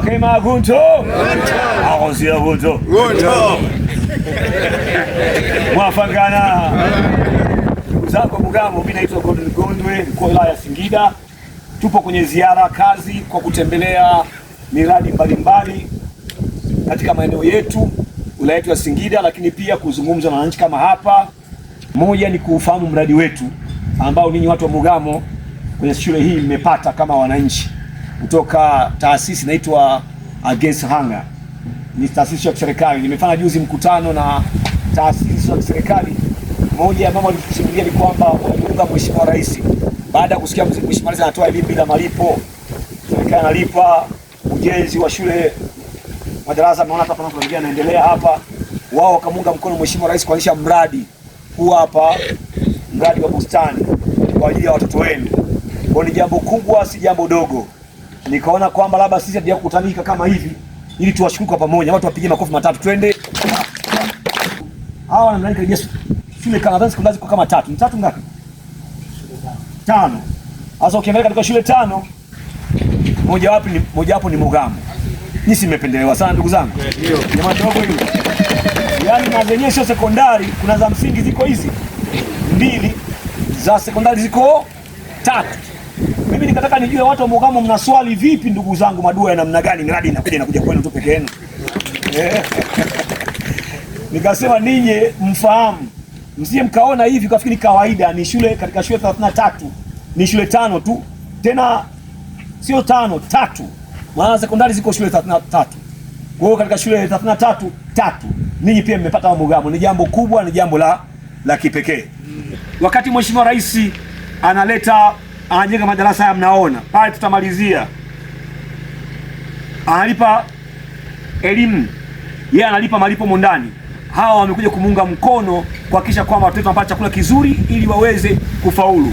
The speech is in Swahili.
Okay, magunto. Ako siya gunto. Gunto. Mwafangana. Uzangu Mugambo, mimi naitwa Gordon Gondwe, mkuu wa wilaya Singida. Tupo kwenye ziara kazi kwa kutembelea miradi mbalimbali katika maeneo yetu wilaya yetu ya Singida, lakini pia kuzungumza na wananchi kama hapa. Moja ni kuufahamu mradi wetu ambao ninyi watu wa Mugamo kwenye shule hii mmepata kama wananchi kutoka taasisi inaitwa Against Hunger, ni taasisi ya serikali. Nimefanya juzi mkutano na taasisi za serikali moja mambo walisimulia ni kwamba waliunga Mheshimiwa Rais baada ya kusikia Mheshimiwa Rais anatoa elimu bila malipo, serikali analipa ujenzi wa shule madarasa, mnaona hapa kuna mengine yanaendelea hapa. Wao wakamunga mkono Mheshimiwa Rais kuanzisha mradi huu hapa, mradi wa bustani kwa ajili ya watoto wenu. Kwa ni jambo kubwa, si jambo dogo. Nikaona kwamba labda sisi hatuja kukutanika kama hivi ili tuwashukuru kwa pamoja. Watu wapige makofi matatu, twende. Hawa na karibia shule kama tatu, kuna kama tatu. Ni tatu ngapi? Tano. Sasa ukiangalia katika shule tano, mojawapo ni mojawapo ni Mugamo jinsi imependelewa sana ndugu zangu. Eh, yaani na zenyewe sio sekondari, kuna za msingi ziko hizi mbili, za sekondari ziko tatu. Mimi nikataka nijue watu wa Mugamo mna swali vipi ndugu zangu, madua ya namna gani, miradi inakuja inakuja kwenu tu peke yenu. Eh. Nikasema ninyi mfahamu, msije mkaona hivi kafikiri kawaida. Ni shule katika shule 33 ni shule tano tu, tena sio tano, tatu maana sekondari ziko shule 33. Kwa hiyo katika shule 33 tatu ninyi pia mmepata wamugamo, ni jambo kubwa, ni jambo la la kipekee. Wakati Mheshimiwa Rais analeta anajenga madarasa haya, mnaona pale, tutamalizia analipa elimu yeye, yeah, analipa malipo mondani. Hawa wamekuja kumuunga mkono kuhakikisha kwamba watoto wanapata chakula kizuri ili waweze kufaulu.